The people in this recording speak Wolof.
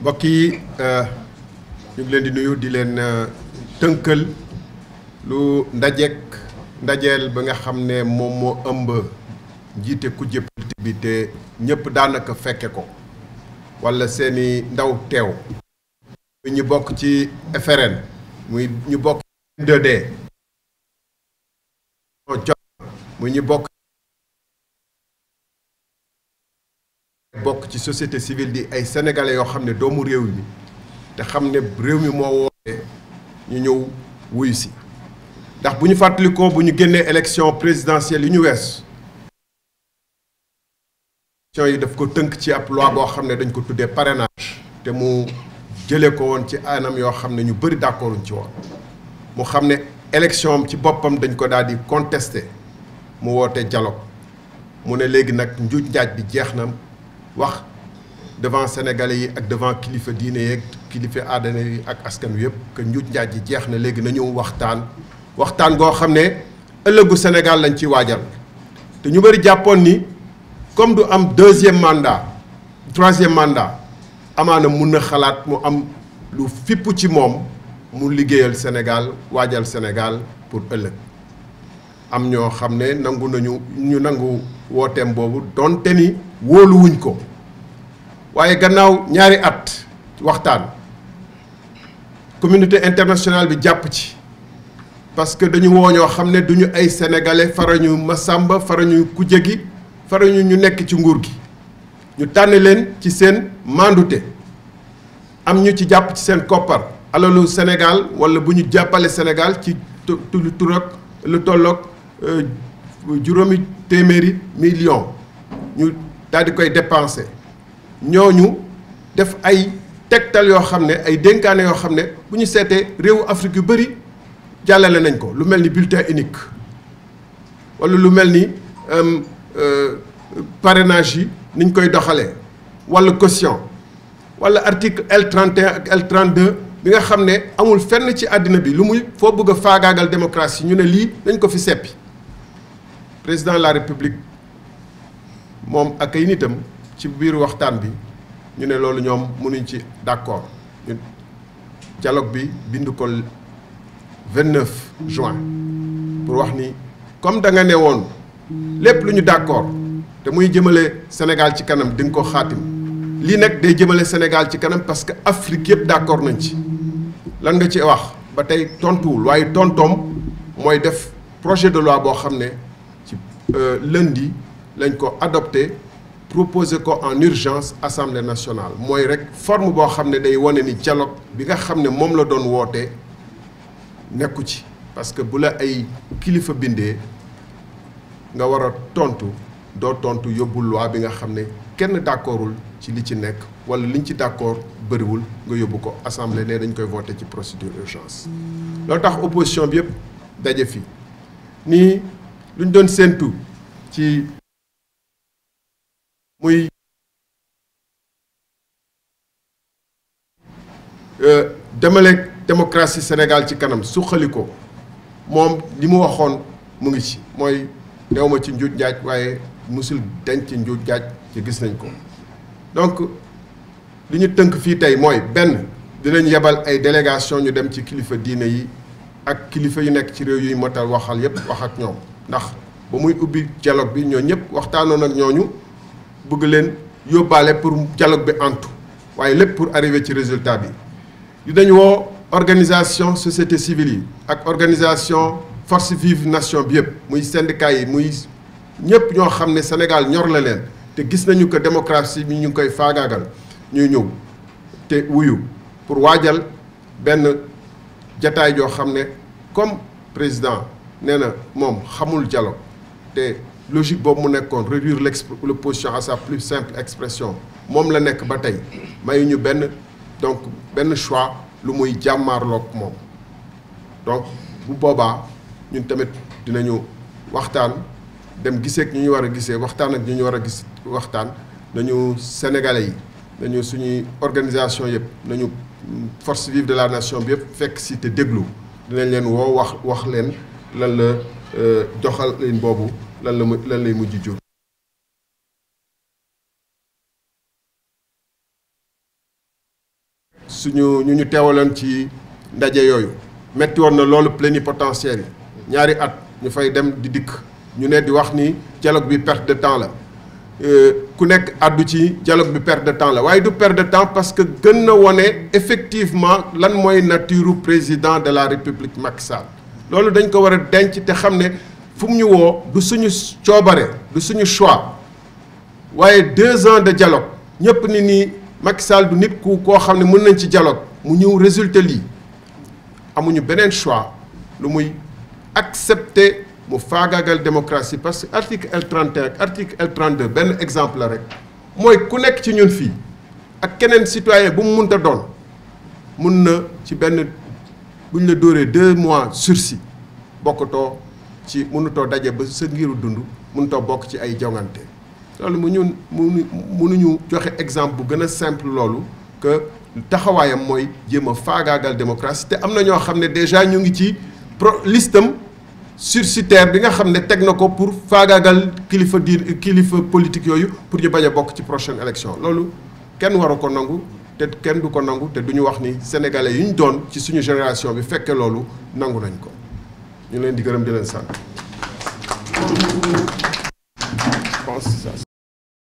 mbokk yi euh, ñu ngi leen di nuyu di leen euh, tënkal lu ndajeek ndajeel ba nga xam ne moom moo ëmb jiite kujje politique bi te ñëpp daanaka fekke ko wala seeni ndaw teew. ñu bokk ci FRN muy ñu bokk ci m d muy ñu bokk bokk ci société civile di ay sénégalais yoo xam ne doomu réew mi te xam ne réew mi moo woote ñu ñëw wuyu si ndax bu ñu fàttalikoo bu ñu génnee élection présidentielle yi ñu wees élection daf ko tënk ci ab loi boo xam ne dañ ko tuddee parrainage te mu jëlee ko woon ci anam yoo xam ne ñu bëri d'accorduñ ci woon mu xam ne élection am ci boppam dañ ko daal di contesté mu woote dialogue mu ne léegi nag njuuj njaaj bi jeex na wax devant sénégalais yi ak devant kilifa diine yeeg kilifa aadana yi ak askan wi yëpp njuut njuuj njaaj ji jeex na léegi nañu waxtaan waxtaan goo xam ne ëllëgu Sénégal lañ ci waajal te ñu bëri jàppoon ni comme du am deuxième mandat troisième mandat amaana mun na xalaat mu am lu fipp ci moom mu liggéeyal Sénégal waajal Sénégal pour ëllëg am ñoo xam ne nangu nañu ñu nangu wooteem boobu donte ni wóoluwuñ ko waaye gannaaw ñaari at waxtaan communité internationale bi jàpp ci parce que dañu woo ñoo xam ne duñu ay sénégalais farañu sàmba farañu kujje gi farañu ñu nekk ci nguur gi ñu tànn leen ci seen mandute am ñu ci jàpp ci seen koppar alalu Sénégal wala bu ñu jàppale Sénégal ci tu lu tollook Euh, juróomi téeméeri million ñu daal di koy dépensé ñoo ñu def ay tegtal yoo xam ne ay dénkaane yoo xam ne bu ñu seetee réewu Afrique yu bëri jàllale nañ ko lu mel ni bulletin unique wala lu mel ni euh, euh, parrainage yi niñ koy doxale wala caution wala article L 31 ak L 32 bi nga xam ne amul fenn ci àddina bi lu muy foo bëgg a faagaagal démocratie ñu ne lii dañ ko fi seppi. président la république moom ak ay nitam ci biir waxtaan bi ñu ne loolu ñoom mënuñ ci d'accord ñu dialogue bi bind ko 29 juin pour wax ni comme da nga ne woon lépp lu ñu d'accord te muy jëmale Sénégal ci kanam di nga ko xaatim lii nekk day jëmale Sénégal ci kanam parce que Afrique yëpp d'accord nañ ci lan nga ci wax ba tey tontuwul waaye tontoom mooy def projet de loi boo xam ne Euh, lundi lañ ko adopté proposé ko en urgence assemblée nationale mooy rek forme boo xam ne day wane ni dialogue bi nga xam ne moom la doon woote nekku ci parce que bu la ay kilifa bindee nga war a tontu doo tontu yóbbu loi bi nga xam ne kenn d'accordul ci li ci nekk wala liñ ci d'accord bëriwul nga yóbbu ko assemblée ne dañ koy voté ci procédure urgence loo tax opposition bi yëpp daje fi nii lu ñu doon séentu ci muy euh, demaleeg démocratie Sénégal ci kanam suqali ko moom li mu waxoon mu ngi ci mooy néew ci njuuj njaaj waaye musul denc ci njuuj njaaj ci gis nañ ko donc li ñu tënk fii tey mooy benn dinañ yebal ay délégation ñu dem ci kilifa diine yi ak kilifa yu nekk ci réew yuy motal waxal yépp wax ak ñoom ndax ba muy ubbi dialogue bi ñoo ñëpp waxtaanoon ak ñooñu bëgg leen yóbbaale pour dialogue bi antu waaye lépp pour arriver ci résultat bi dinañu woo organisation société civile yi ak organisation force vive nation bi yëpp muy syndicat yi muy ñëpp ñoo xam ne Sénégal ñor la leen te gis nañu que démocratie bi ñu ngi koy faagaagal ñuy ñëw te wuyu pour waajal benn jataay joo xam ne comme président nee na moom xamul jalo te logique boobu mu nekkoon réduire l'opposition à sa plus simple expression moom la nekk ba tey mayu ñu benn donc benn choix lu muy jàmmaarlook moom donc bu boobaa ñun tamit dinañu waxtaan dem giseek ñu ñu war a gisee waxtaan ak ñu ñu war a gis waxtaan nañu sénégalais yi nañu suñuy organisation yëpp nañu mm, force vive de la nation bi yëpp fekk si te déglu dinañ leen woo wax wax leen lan la euh, doxalin boobu lan la lan lay mujj jur suñu ñu ñu teewaloon ci ndaje yooyu metti woon na loolu plénipotentiaire yi ñaari at ñu fay dem di dikk ñu ne di wax ni jaloog bi perte de temps la euh, ku nekk àddu ci dialogue bi perte de temps la waaye du perte de temps parce que gën a wone effectivement lan mooy nature président de la république Macky loolu dañ ko war a denc te xam ne fu mu ñu woo du suñu coobare du suñu choix waaye deux ans de dialogue ñëpp ni nii Macky Sall du nit ku koo xam ne mën nañ ci dialogue mu ñëw résulter lii amuñu beneen choix lu muy accepter mu faagaagal démocratie parce que article L31 ak article L32 benn exemple rek mooy ku nekk ci ñun fii ak keneen citoyen bu mu munta doon mun na ci benn bu ñu la dóoree deux mois sursis bokkutoo ci mënutoo daje ba sa ngiru dund munutoo bokk ci ay jongante loolu mu ñun munu mënuñu joxe exemple bu gën a simple loolu que taxawaayam mooy jéem a faagaagal démocratie te am na ñoo xam ne déjà ñu ngi ci pro listam sursitaire bi nga xam ne teg na ko pour faagaagal kilifa diir kilifa politique yooyu pour ñu bañ a bokk ci prochaine élection loolu kenn waru ko nangu te kenn du ko nangu te du ñu wax ni sénégalais yi ñu doon ci suñu génération bi fekke loolu nangu nañ ko ñu leen di gërëm di leen sant